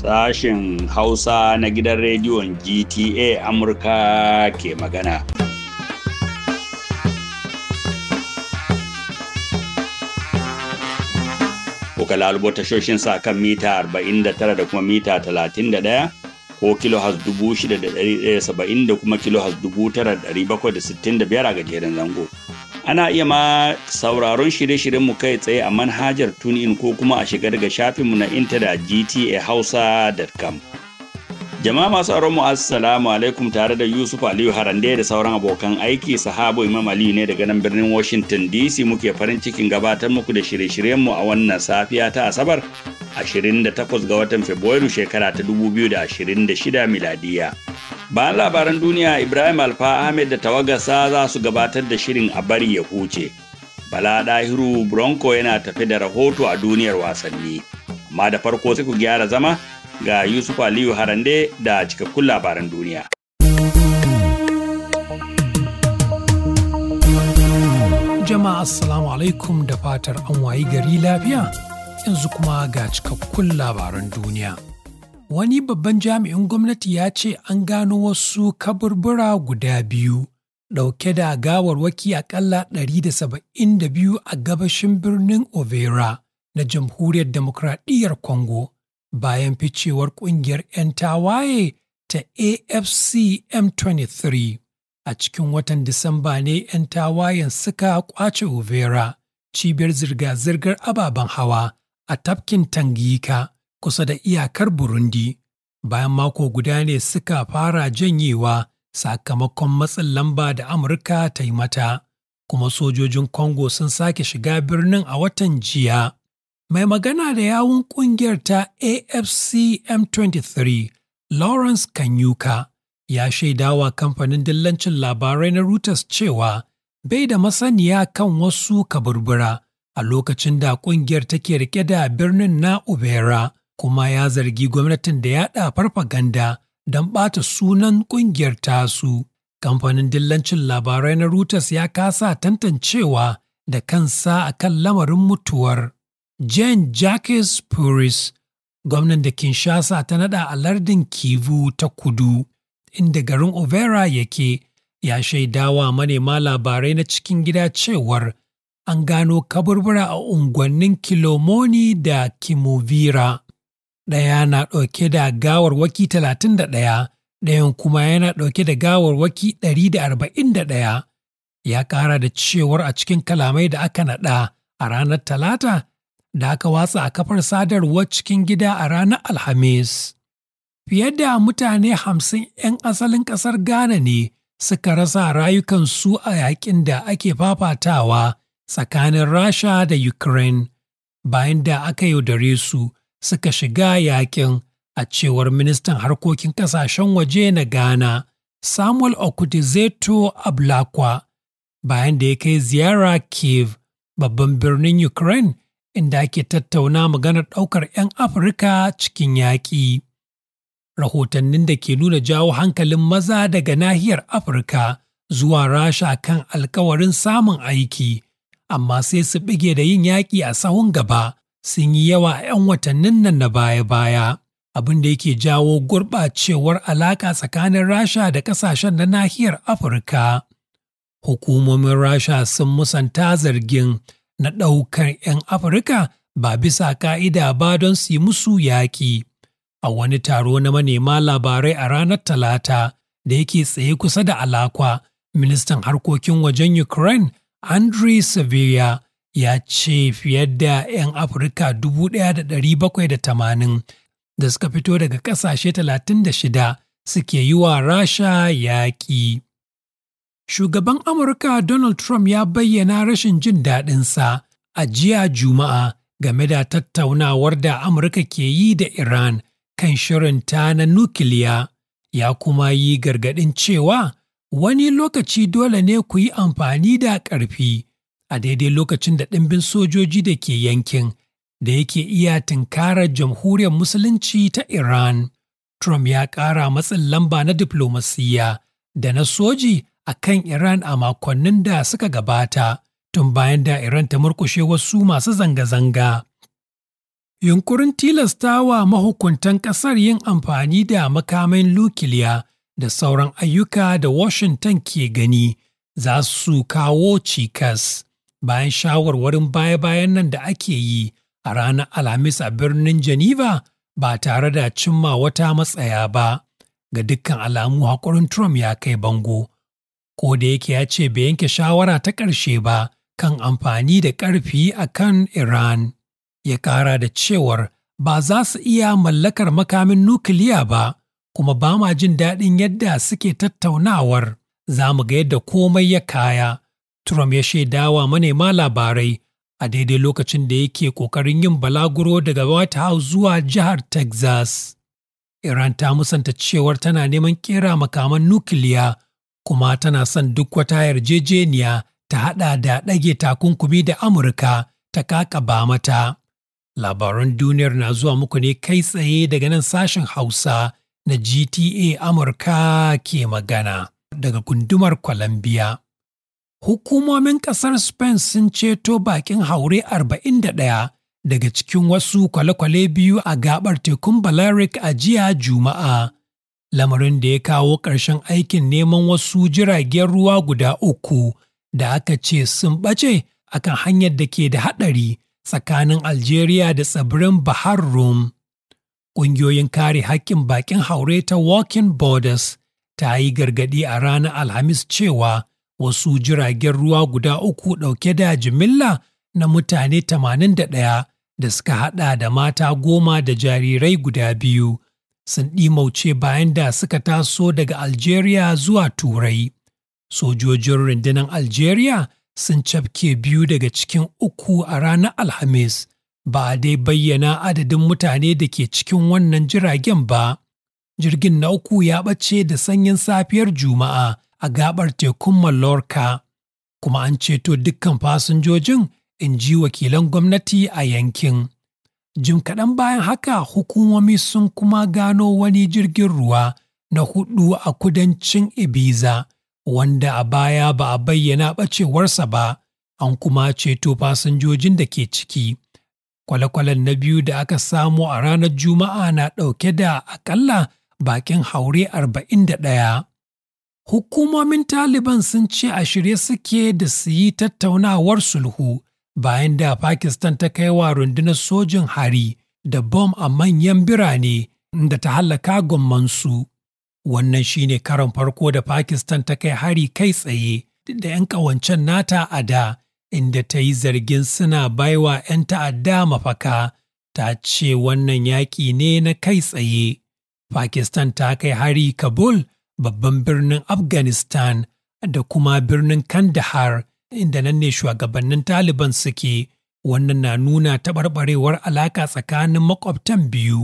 Sashen Hausa na gidan rediyon GTA Amurka ke magana. Kuka lalubo tashoshin sa kan mita 49 da kuma mita 31 ko kilo dubu 6,170 da kuma kilo da 9,765 a gajeren zango. ana iya ma sauraron shirye-shiryen mu kai tsaye a manhajar tunin ko kuma a shiga daga shafinmu na intada gtahausa.com jama'a masu aron mu assalamu alaikum tare da yusuf aliyu harande da sauran abokan aiki sahabo imam aliyu ne daga nan birnin washington dc muke farin cikin gabatar muku da shirye-shiryen mu a wannan safiya ta asabar 28 ga watan fabrairu shekara ta 2026 miladiya. bayan labaran duniya ibrahim alfa ahmed da tawagasa za su gabatar da shirin a bari ya huce bala Dahiru bronco yana tafi da rahoto a duniyar wasanni amma da farko sai ku gyara zama ga yusuf aliyu harande da cikakkun labaran duniya jama'a assalamu alaikum da fatar an wayi gari lafiya yanzu kuma ga cikakkun labaran duniya wani babban jami'in gwamnati ya ce an gano wasu kaburbura guda biyu dauke da gawarwaki aƙalla 172 a gabashin birnin Overa na Jamhuriyar Demokradiyyar Congo bayan ficewar ƙungiyar 'yan tawaye ta AFC M23. A cikin watan Disamba ne 'yan tawayen suka kwace Overa, cibiyar zirga-zirgar ababen hawa a tafkin Tangika kusa da iyakar Burundi bayan mako guda ne suka fara janyewa sakamakon matsin lamba da Amurka ta yi mata, kuma sojojin Congo sun sake shiga birnin a watan jiya. Mai magana da yawun kungiyar ta AFC M23, Lawrence Kanyuka, ya shaidawa kamfanin dillancin labarai na Reuters cewa bai da masaniya kan wasu kaburbura a lokacin da kungiyar take rike da birnin na Ubera. kuma ya zargi gwamnatin da yaɗa farfaganda don ɓata sunan ƙungiyar tasu. Kamfanin dillancin labarai na Reuters ya kasa tantancewa da kansa a kan lamarin mutuwar. Jane Jacques Puris, gwamnan da Kinshasa ta naɗa a lardin Kivu ta kudu, inda garin Overa yake, ya shaidawa manema labarai na cikin gida cewar an gano kaburbura a unguwannin Kilomoni da Kimovira. ɗaya na ɗauke da gawarwaki talatin da ɗaya, ɗayan kuma yana ɗauke da gawar waki ɗari da arba'in da ɗaya. Ya ƙara da cewar a cikin kalamai da aka naɗa a ranar Talata da aka watsa a kafar sadarwa cikin gida a ranar Alhamis. Fiye da mutane hamsin 'yan asalin ƙasar Ghana ne suka rasa rayukansu a yaƙin da ake fafatawa tsakanin Rasha da Ukraine bayan da aka yaudare su suka shiga yakin a cewar ministan harkokin kasashen waje na Ghana, Samuel Okudizeto Ablakwa, bayan da ya kai ziyara Kiev, babban birnin Ukraine, inda ake tattauna maganar ɗaukar 'yan Afirka cikin yaƙi. Rahotannin da ke nuna jawo hankalin maza daga nahiyar Afirka zuwa Rasha kan alkawarin samun aiki, amma sai su bige da yin yaƙi a sahun gaba sun yi yawa a 'yan watannin nan na baya-baya abin da yake jawo gurɓacewar alaƙa tsakanin rasha da ƙasashen na nahiyar afirka hukumomin rasha sun musanta zargin na ɗaukar 'yan afirka ba bisa ƙa'ida ba don su yi musu yaƙi a wani taro na manema labarai a ranar talata da yake tsaye kusa da alakwa ministan harkokin wajen ukraine andriy sevier ya ce fiye da 'yan Afirka 1,780 da suka fito daga ƙasashe 36 suke yi wa Rasha yaƙi. Shugaban Amurka Donald Trump ya bayyana rashin jin daɗinsa a jiya Juma'a game da tattaunawar da Amurka ke yi da Iran kan shirinta na nukiliya, ya kuma yi gargaɗin cewa wani lokaci dole ne ku yi amfani da ƙarfi a daidai lokacin da ɗimbin sojoji da ke yankin da yake iya tunkarar jamhuriyar musulunci ta Iran. Trump ya ƙara matsin lamba na diflomasiyya da na soji a kan Iran a makonnin da suka gabata tun bayan da Iran ta murkushe wasu masu zanga-zanga. Yunkurin tilastawa mahukuntan ƙasar yin amfani da makamin nukiliya da sauran ayyuka da Washington ke gani za su kawo cikas. bayan shawarwarin baya-bayan nan da ake yi a ranar Alhamis a birnin Geneva ba tare da cimma wata matsaya ba. Ga dukkan alamu haƙurin Trump ya kai bango, ko da yake ya ce bai yanke shawara ta ƙarshe ba kan amfani da ƙarfi a kan Iran. Ya ƙara da cewar ba za su iya mallakar makamin nukiliya ba, kuma ba ma jin daɗin yadda suke tattaunawar. Za mu ga yadda komai ya kaya. Trump ya shaidawa manema labarai a daidai lokacin da yake ƙoƙarin yin balaguro daga White House zuwa jihar Texas. Iran ta musanta cewar tana neman kera makaman nukiliya kuma tana son duk wata yarjejeniya ta haɗa da ɗage takunkumi da Amurka ta kakaba mata. Labaran duniyar na zuwa muku ne kai tsaye daga nan sashen Hausa na GTA Amurka ke magana daga gundumar Columbia. hukumomin ƙasar Spain sun ceto bakin haure 41 daga cikin wasu kwale-kwale biyu a gabar tekun Balearic a jiya Juma'a. Lamarin da ya kawo ƙarshen aikin neman wasu jiragen ruwa guda uku da aka ce sun ɓace akan hanyar da ke da haɗari tsakanin Algeria da tsibirin Bahar Rum. Ƙungiyoyin kare haƙƙin bakin haure ta Walking Borders ta yi gargaɗi a ranar Alhamis cewa wasu jiragen ruwa guda uku ɗauke da jimilla na mutane tamanin da ɗaya da suka haɗa da mata goma da jarirai guda biyu sun ɗimauce bayan da suka taso daga Algeria zuwa Turai. Sojojin rundunar Algeria sun cafke biyu daga cikin uku a ranar Alhamis, ba dai bayyana adadin mutane da ke cikin wannan jiragen ba. Jirgin na uku ya ɓace da sanyin safiyar Juma'a a gabar tekun Mallorca, kuma an ceto dukkan fasinjojin in ji wakilan gwamnati a yankin. Jim kaɗan bayan haka hukumomi sun kuma gano wani jirgin ruwa na hudu a kudancin Ibiza, wanda a baya ba a bayyana ɓacewarsa ba, an kuma ceto fasinjojin da ke ciki. Kwale-kwalen na biyu da aka samo a ranar Juma'a na ɗauke da akalla bakin haure arba'in da ɗaya. hukumomin Taliban sun ce a shirye suke da su yi tattaunawar sulhu bayan da Pakistan ta kai wa rundunar sojin hari da bom a manyan birane da ta hallaka gommansu Wannan shine karon farko da Pakistan ta kai hari kai tsaye da 'yan ƙawancen nata a da, inda ta yi zargin suna baiwa 'yan ta'adda mafaka, ta ce wannan yaƙi ne na kai tsaye. Pakistan ta kai hari Kabul babban birnin Afghanistan da kuma birnin Kandahar inda nan ne shugabannin Taliban suke wannan na nuna taɓarɓarewar alaƙa tsakanin makwabtan biyu.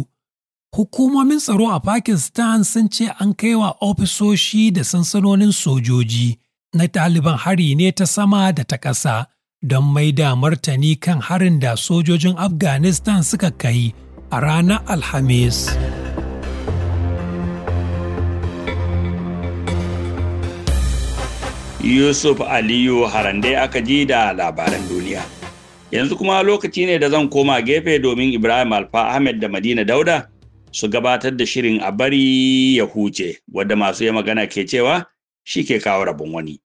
Hukumomin tsaro a Pakistan sun ce an kai wa ofisoshi da sansanonin sojoji na Taliban hari ne ta sama da ta ƙasa don mai da martani kan harin da sojojin Afghanistan suka kai a ranar Alhamis. Yusuf Aliyu Harande aka ji da labaran duniya. Yanzu kuma lokaci ne da zan koma gefe domin Ibrahim Alfa Ahmed da Madina Dauda su gabatar da shirin a bari ya huce wadda masu ya magana ke cewa shi ke kawo rabon wani.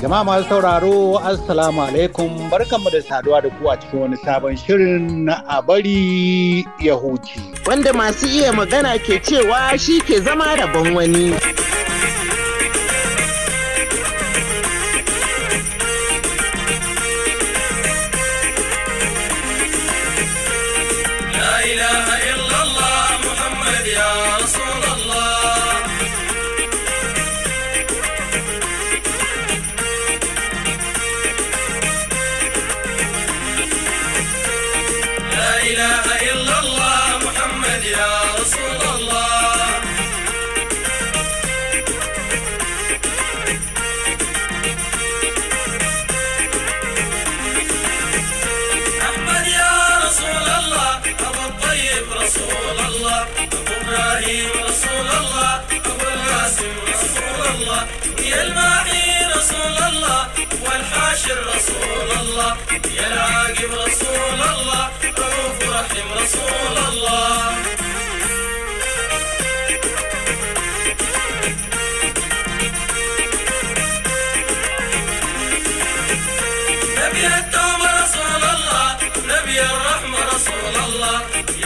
Jama'a masu sauraro, Assalamu alaikum, barkanmu da saduwa da ku a cikin wani sabon shirin na a ya huce. Wanda masu iya magana ke cewa shi ke zama rabon wani. يا الماحي رسول الله والحاشر رسول الله يا العاقب رسول الله رؤوف رحم رسول الله نبي التوبة رسول الله نبي الرحمة رسول الله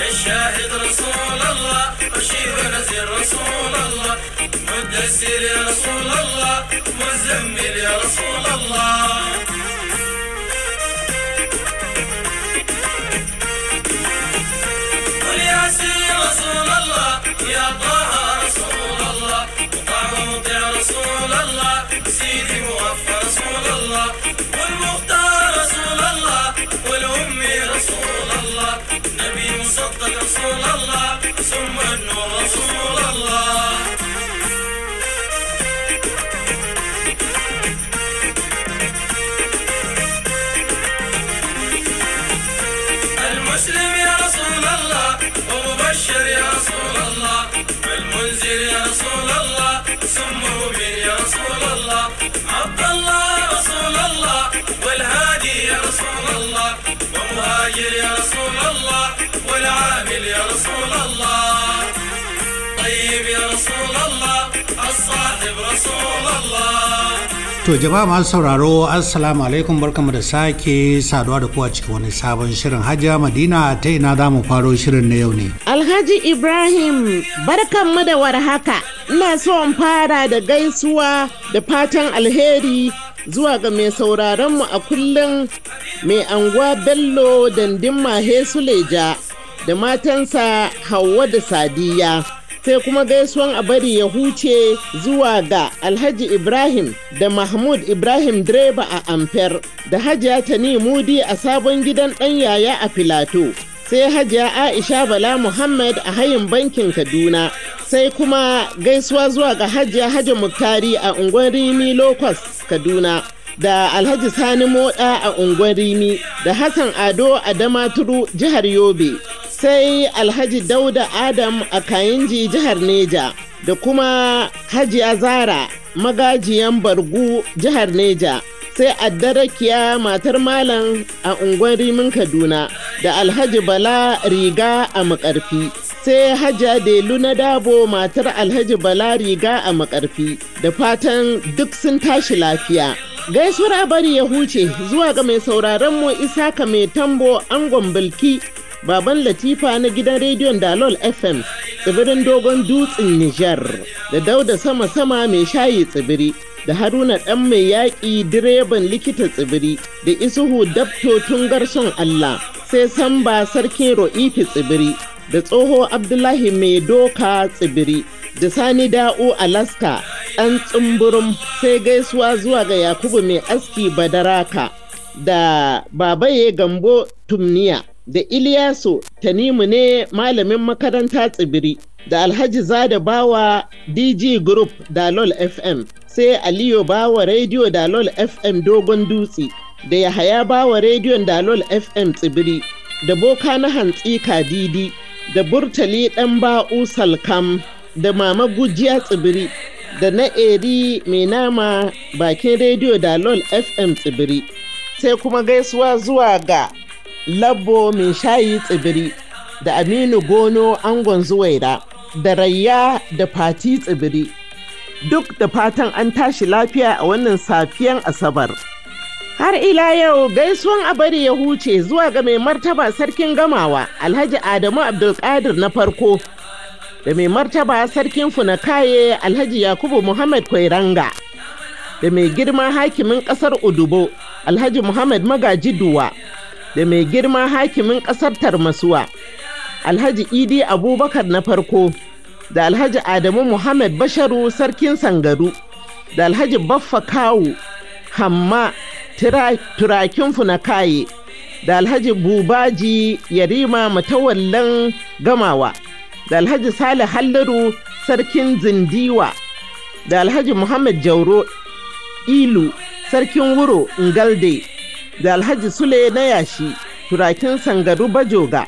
يا الشاهد رسول الله رسول الله مدسر يا رسول الله مزمل يا رسول الله قل يا سيدي رسول الله يا طه رسول الله وطاعوت يا رسول الله سيدي موفى رسول الله والمختار رسول الله والأمي رسول الله صدق رسول الله ثم انه رسول الله المسلم يا رسول الله ومبشر يا رسول الله المنزل يا رسول الله ثم مؤمن يا رسول الله عبد الله رسول الله والهادي يا رسول الله ومهاجر يا رسول الله الكامل يا رسول الله طيب يا رسول الله الصاحب رسول الله To jama'a masu sauraro assalamu alaikum barkamu da sake saduwa da kowa, cikin wani sabon shirin hajiya madina ta ina za mu faro shirin na yau ne. Alhaji Ibrahim barkanmu da warhaka ina so in fara da gaisuwa da fatan alheri zuwa ga mai sauraronmu a kullum mai anguwa bello dandin mahe suleja da matansa Hauwa da Sadiya. Sai kuma gaisuwan a bari ya huce zuwa ga Alhaji Ibrahim da Mahmud Ibrahim Direba a Amfer da Hajiya Tani Mudi a sabon gidan ɗan yaya a Filato. Sai Hajiya Aisha Bala Muhammad a hayin bankin Kaduna. Sai kuma gaisuwa zuwa ga Hajiya Hajji Muktari a unguwar Rimi Lokos Kaduna. da alhaji sani moda a unguwar rimi da hassan ado a damaturu jihar yobe sai alhaji dauda adam a kayinji jihar neja da kuma hajiya zara magajiyan bargu jihar neja sai addarakiya matar malam a unguwar rimin kaduna da alhaji bala riga a makarfi sai hajiya delu na dabo matar alhaji bala riga a makarfi da fatan duk sun tashi lafiya Gaisura bari ya huce zuwa ga mai sauraron mu ka mai tambo angon bilki baban latifa na gidan rediyon dalol fm tsibirin dogon dutsen nijar da dauda sama-sama mai shayi tsibiri da haruna ɗan mai yaƙi direban likita tsibiri da isuhu dabto tun garson allah sai samba sarkin ro'ifi tsibiri da tsoho abdullahi mai doka tsibiri da sani da'u alaska ɗan tsumburum sai gaisuwa zuwa ga yakubu mai aski badaraka da babaye gambo tumniya da Iliyasu Tanimu ne malamin makaranta tsibiri da Alhaji Zada Bawa DG Group Dalol FM sai Aliyu Bawa Radio Dalol FM Dogon Dutse da Yahaya Bawa Rediyon Dalol FM Tsibiri da Boka na Hantsi Kadidi da Burtali Ɗan Ba'u Salkam da Mama Gujiya Tsibiri da na Eri Mai Nama Bakin Rediyo Dalol FM Tsibiri sai kuma gaisuwa zuwa ga Labbo mai shayi tsibiri da Aminu Gono angon zuwaira da Rayya da Fati tsibiri. Duk da fatan an tashi lafiya a wannan safiyan Asabar. Har ila yau gaisuwan a bari ya huce zuwa ga mai martaba sarkin gamawa Alhaji Adamu Abdulkadir na farko da mai martaba sarkin funakaye Alhaji Yakubu Muhammad Kwairanga da mai girma hakimin ƙasar Udubo Alhaji Muhammad Magaji Duwa. da mai girma hakimin ƙasar tarmasuwa alhaji idi abubakar na farko da alhaji adamu muhammad basharu sarkin sangaru da alhaji baffa kawu hamma turakin funakaye da alhaji bubaji yarima matawallan gamawa da alhaji salih halliru sarkin zindiwa da alhaji muhammad jauro ilu sarkin wuro ngalde da alhaji sule na yashi turakin sangaru bajoga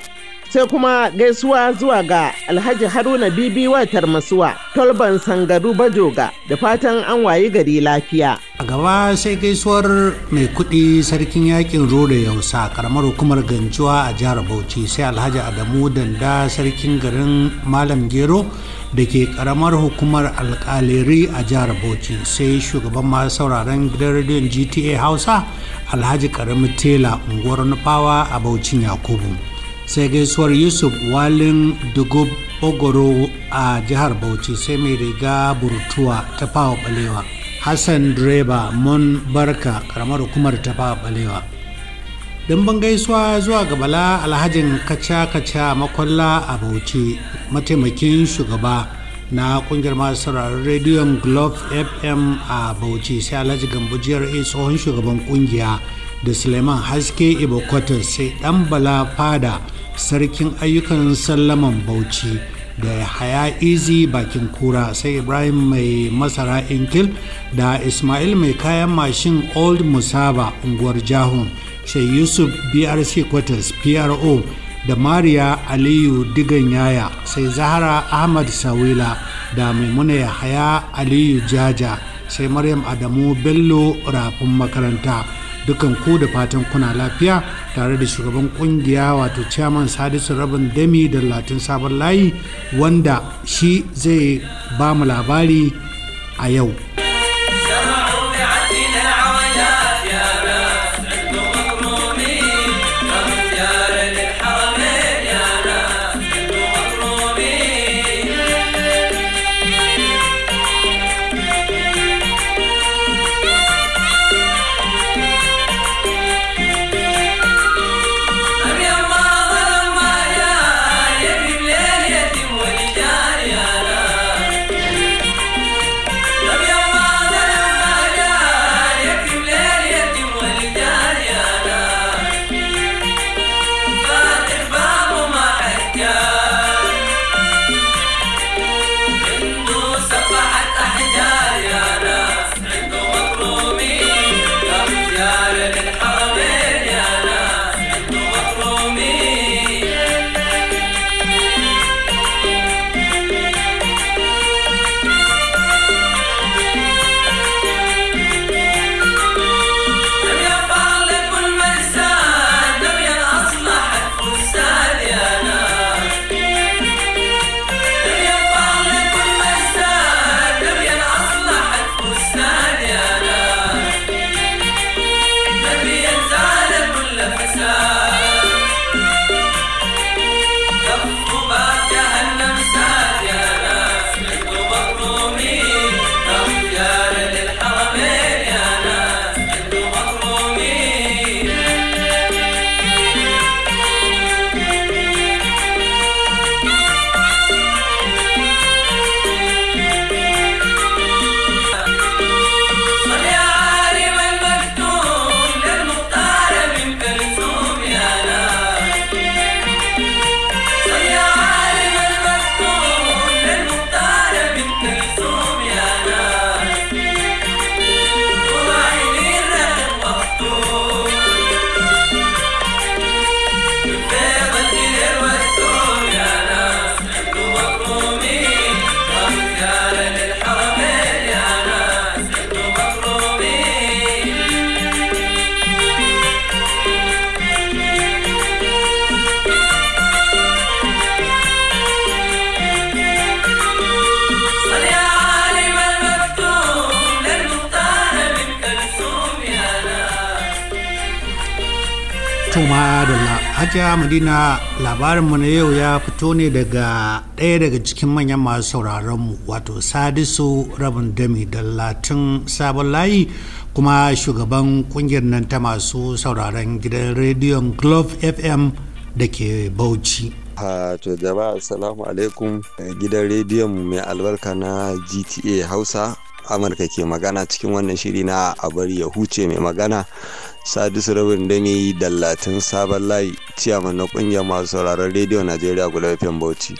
sai kuma gaisuwa zuwa ga alhaji haruna bibi watar masuwa tolban sangaru bajoga da fatan an wayi gari lafiya a gaba sai gaisuwar mai kuɗi sarkin yakin roda yausa karamar hukumar ganjuwa a jihar bauchi sai alhaji adamu danda sarkin garin malam gero da ke karamar hukumar alkaliri a jihar bauchi sai shugaban masu sauraron gidan rediyon gta hausa alhaji karamin tela unguwar nufawa a bauchin yakubu sai gaisuwar yusuf walin dugub ogoro a jihar bauchi sai mai riga burtuwa ta fawa balewa hassan direba mun barka karamar hukumar ta fawa balewa dimbin gaisuwa zuwa ga bala alhajin kaca-kaca makwalla a bauchi mataimakin shugaba na kungiyar masu sauraron rediyon glove fm a bauchi sai alhaji gambujiyar a eh, tsohon shugaban kungiya da suleiman haske ibokotar sai dan bala fada sarkin ayyukan sallaman bauchi da haya izi bakin kura sai ibrahim mai masara inkil da ismail mai kayan mashin old musaba unguwar jahun sai yusuf brc quarters pro da mariya aliyu digan yaya sai zahara ahmad sawila da maimuna yahaya aliyu jaja sai maryam adamu bello rafin makaranta dukan ku da fatan kuna lafiya tare da shugaban kungiya wato chairman sadisu rabin dami da latin sabon layi wanda shi zai ba mu labari a yau. gaida labarin mu na yau ya fito ne daga ɗaya daga cikin manyan masu mu wato sadisu rabin dami da latin sabon layi kuma shugaban kungiyar nan ta masu sauraron gidan rediyon glove fm da ke bauchi to jama'a assalamu alaikum gidan rediyon mai albarka na gta hausa amurka ke magana cikin wannan shiri na a bari ya huce mai magana sadisu rabin dami dallatin sabon layi ciyaman na kungiyar masu sauraron rediyo najeriya guda fm bauchi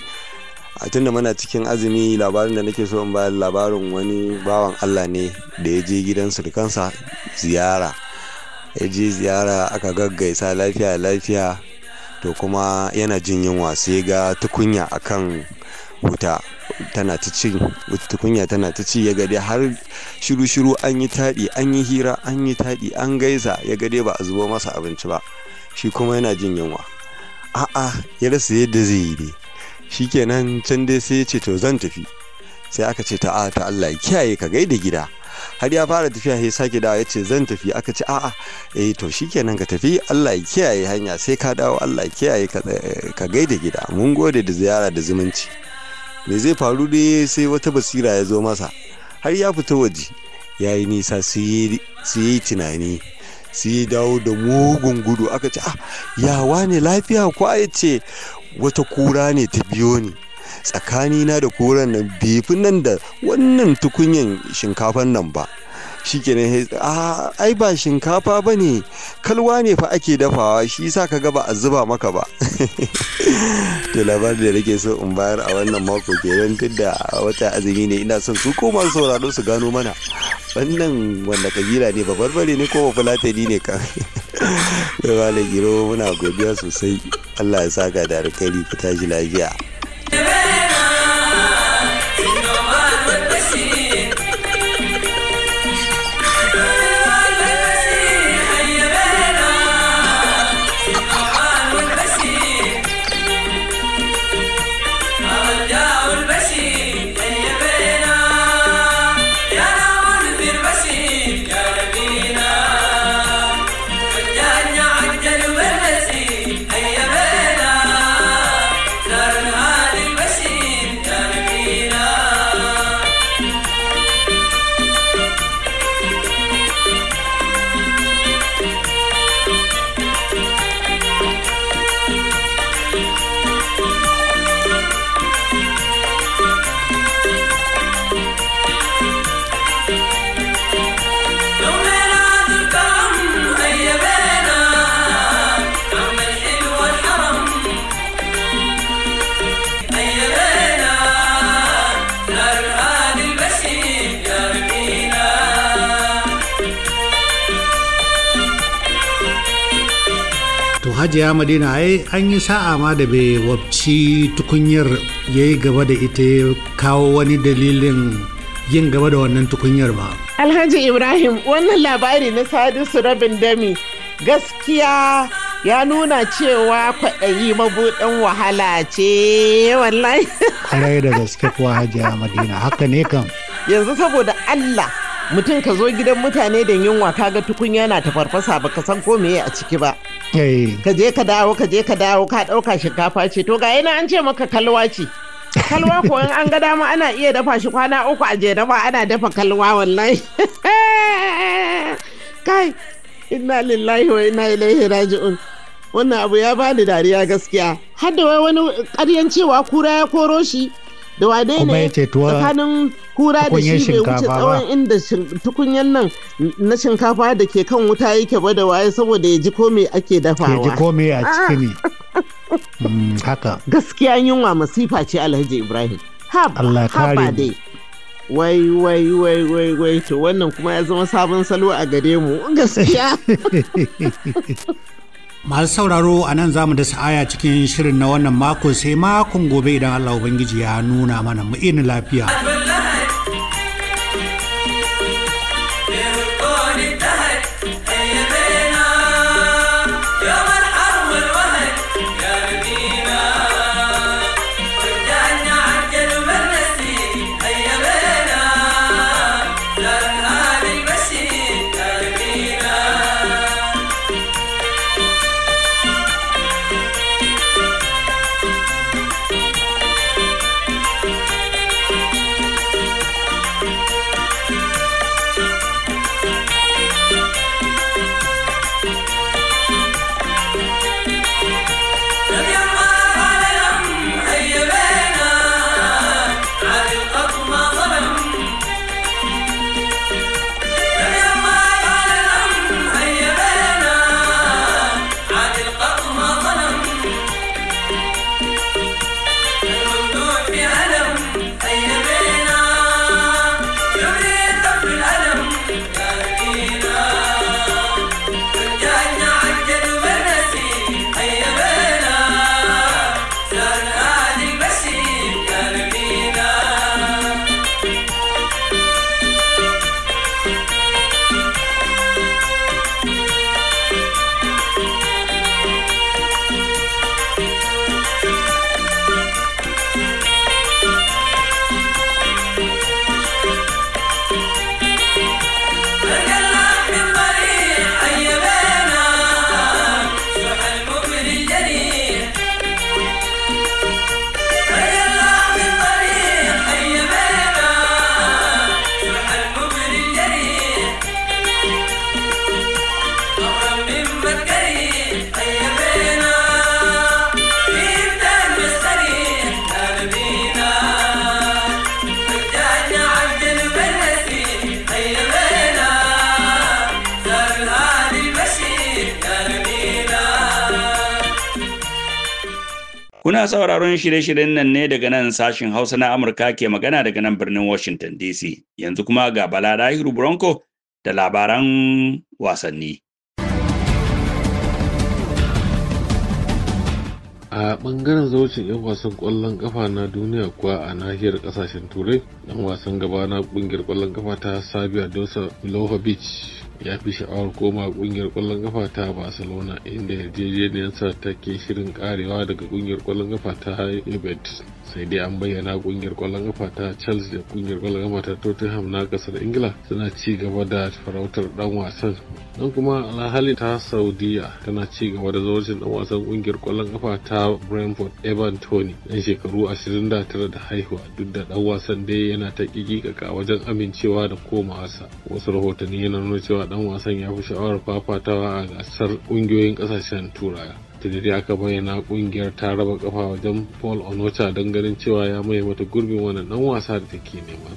a tun da muna cikin azumi labarin da nake so in bayan labarin wani bawan allah ne da ya je gidan surukansa ziyara ya je ziyara aka gaggaisa lafiya lafiya to kuma yana jin yunwa sai ga tukunya akan wuta tana ta ci tukunya tana ta ci ya gade har shiru shiru an yi taɗi an yi hira an yi taɗi an gaisa ya gade ba a zubo masa abinci ba shi kuma yana jin yunwa a'a ya rasa yadda zai yi dai Shi kenan can dai sai ya ce to zan tafi sai aka ce a ta Allah ya kiyaye ka gaida gida har ya fara tafiya ya sake dawo ya ce zan tafi aka ce a'a eh to shi kenan ka tafi Allah ya kiyaye hanya sai ka dawo Allah ya kiyaye ka eh, gaida gida mun gode da ziyara da zumunci me zai faru ne sai wata basira ya zo masa har ya fita waje ya yi nisa sai ya yi tunani sai ya dawo da mugun gudu aka ce ah, ya wane lafiya ko a ce wata kura ne ta biyo ni tsakanina da kuran nan bifin nan da wannan tukunyan shinkafan nan ba shikenan a ai ba shinkafa ba ne kalwa ne fa ake dafawa shi yasa ka gaba a zuba maka ba to labarin da nake so in bayar a wannan mako kenan tun da wata azumi ne ina son su koma masu sauraro su gano mana wannan wanda kabila ne ba barbare ne ko ba fulatani ne kan da giro muna godiya sosai allah ya saka da alkali ku tashi lafiya hajiya madina ai an yi sa'a ma da bai wabci tukunyar ya yi gaba da ita ya kawo wani dalilin yin gaba da wannan tukunyar ba alhaji ibrahim wannan labari na sadisu rabin dami gaskiya ya nuna cewa kwaɗayi mabuɗin wahala ce wallahi kwarai da gaske kuwa hajiya madina haka ne kam yanzu saboda allah mutum ka zo gidan mutane da yunwa ga tukunya na ta farfasa ba ka san ko meye a ciki ba eh. ka je ka dawo ka je ka dawo ka ɗauka shinkafa ce to ga yana an ce maka kalwa ce kalwa ko in an ga dama ana iya dafa shi kwana uku a je dama ana dafa kalwa wallahi kai inna lillahi wa inna ilaihi raji'un wannan abu ya bani dariya gaskiya har da wani ƙaryan cewa kura ya koro shi da dai ne tsakanin hura da shi bai wuce tsawon inda tukunyan nan na shinkafa da ke kan wuta yake ba da waye saboda ya ji ko me ake dafawa ya ji kome a ah. ciki ne mm, haka gaskiya yunwa masifa ce alhaji ibrahim Allah kare dai wai wai wai wai wai to wannan kuma ya zama sabon salo a gare mu gaskiya masu sauraro a nan za mu da sa'aya cikin shirin na wannan mako sai makon gobe idan allah ubangiji ya nuna mana muinin lafiya. sauraron shirye-shiryen nan ne daga nan sashin Hausa na Amurka ke magana daga nan birnin Washington DC. Yanzu kuma ga Bala Dahiru Bronco da labaran wasanni. a ɓangaren zaucin 'yan wasan ƙwallon ƙafa na duniya kuwa a nahiyar ƙasashen turai ɗan wasan gaba na ƙungiyar ƙwallon kafa ta sabia dosa milovic ya fi sha'awar koma kungiyar kwallon kafa ta barcelona inda yarjejeniyarsa take shirin karewa daga kungiyar kwallon kafa ta juventus sai dai an bayyana kungiyar kwallon kafa ta chelsea da kungiyar kwallon kafa ta tottenham na kasar ingila suna ci gaba da farautar dan wasan don kuma alhali ta saudiya tana ci gaba da zawarcin dan wasan kungiyar kwallon kafa ta brentford evan tony dan shekaru 29 da haihuwa duk da dan wasan dai yana ta kikikaka wajen amincewa da komawarsa wasu rahotanni yana nuna cewa dan wasan ya fi sha'awar fafatawa a gasar kungiyoyin kasashen turaya. ta dai aka bayyana kungiyar ta raba kafa wajen paul onocha don ganin cewa ya maye mata gurbin wannan dan wasa da take neman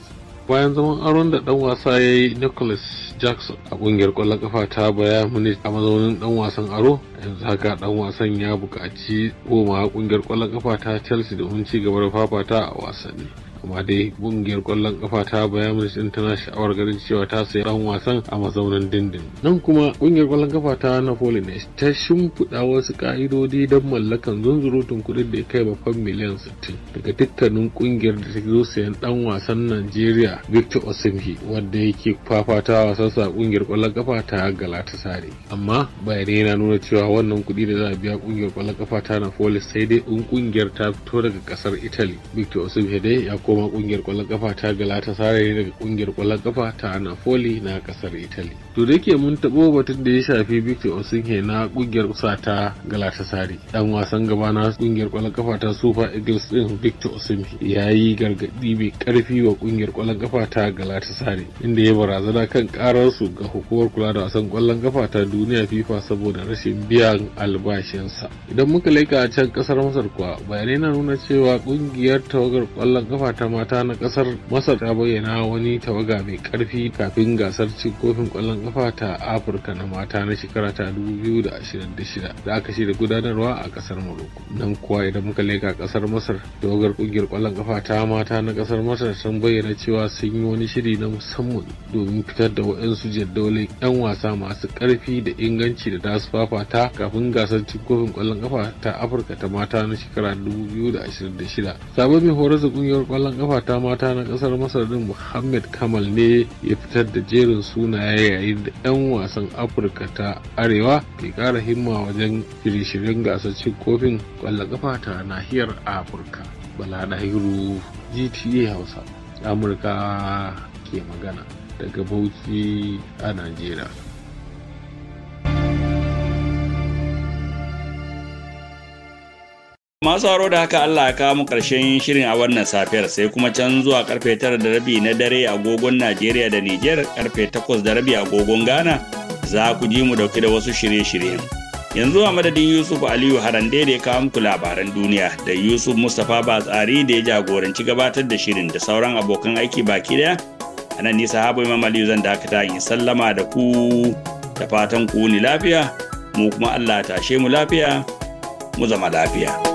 bayan zaman aron da dan wasa ya yi nicholas jackson a kungiyar kwallon kafa ta baya munich a mazaunin dan wasan aro yanzu haka dan wasan ya buƙaci koma kungiyar kwallon kafa ta chelsea domin ci gaba da fafata a wasanni kuma dai kungiyar kwallon kafa ta bayan din tana sha'awar ganin cewa ta sayi dan wasan a mazaunin dindin nan kuma kungiyar kwallon kafa ta napoli ne ta shimfiɗa wasu ka'idodi don mallakan zunzurutun kuɗin da ya kai babban miliyan 60 daga dukkanin kungiyar da ta zo sayan ɗan wasan najeriya victor osimhen wanda yake fafata wasansa kungiyar kwallon kafa ta galatasaray amma bayanai na nuna cewa wannan kuɗi da za a biya kungiyar kwallon kafa ta napoli sai dai in kungiyar ta fito daga kasar italy victor osimhen dai ya koma kungiyar kwallon kafa ta galata sare ne daga kungiyar kwallon kafa ta napoli na kasar italy to da yake mun tabo batun da ya shafi victor osimhen na kungiyar kusa ta sare. dan wasan gaba na kungiyar kwallon kafa ta super eagles din victor osimhen ya yi gargadi mai karfi wa kungiyar kwallon kafa ta galata sare. inda ya barazana kan karar ga hukumar kula da wasan kwallon kafa ta duniya fifa saboda rashin biyan albashinsa idan muka laika can kasar masar kuwa bayanai na nuna cewa kungiyar tawagar kwallon kafa ta mata na kasar masar ta bayyana wani tawaga mai karfi kafin gasar cin kofin kwallon kafa ta afirka na mata na shekara ta 2026 da aka shirya gudanarwa a kasar morocco nan kuwa idan muka leka kasar masar tawagar kungiyar kwallon kafa ta mata na kasar masar sun bayyana cewa sun yi wani shiri na musamman domin fitar da waɗansu jadawalin 'yan wasa masu karfi da inganci da dasu fafata kafin gasar cin kofin kwallon kafa ta afirka ta mata na shekara 2026 sabon mai horar da kungiyar kwallon kwallon kafa mata na ƙasar masar din muhammad kamal ne ya fitar da jerin sunaye yayin da 'yan wasan afirka ta arewa ke ƙara himma wajen shirye-shiryen gasar cin kofin kwallon kafa ta nahiyar afirka bala dahiru gta hausa amurka ke magana daga bauchi a najeriya Masu haro da haka Allah ya kawo mu ƙarshen shirin a wannan safiyar sai kuma can zuwa karfe tara da rabi na dare agogon Najeriya da Nijar karfe takwas da rabi agogon Ghana za ku ji mu dauki da wasu shirye-shiryen. Yanzu a madadin Yusuf Aliyu Harande da ya kawo muku labaran duniya da Yusuf Mustapha Batsari da ya jagoranci gabatar da shirin da sauran abokan aiki baki daya. A nan nisa habu Imam Aliyu zan dakata in sallama da ku da fatan ku ni lafiya mu kuma Allah tashe mu lafiya mu zama lafiya.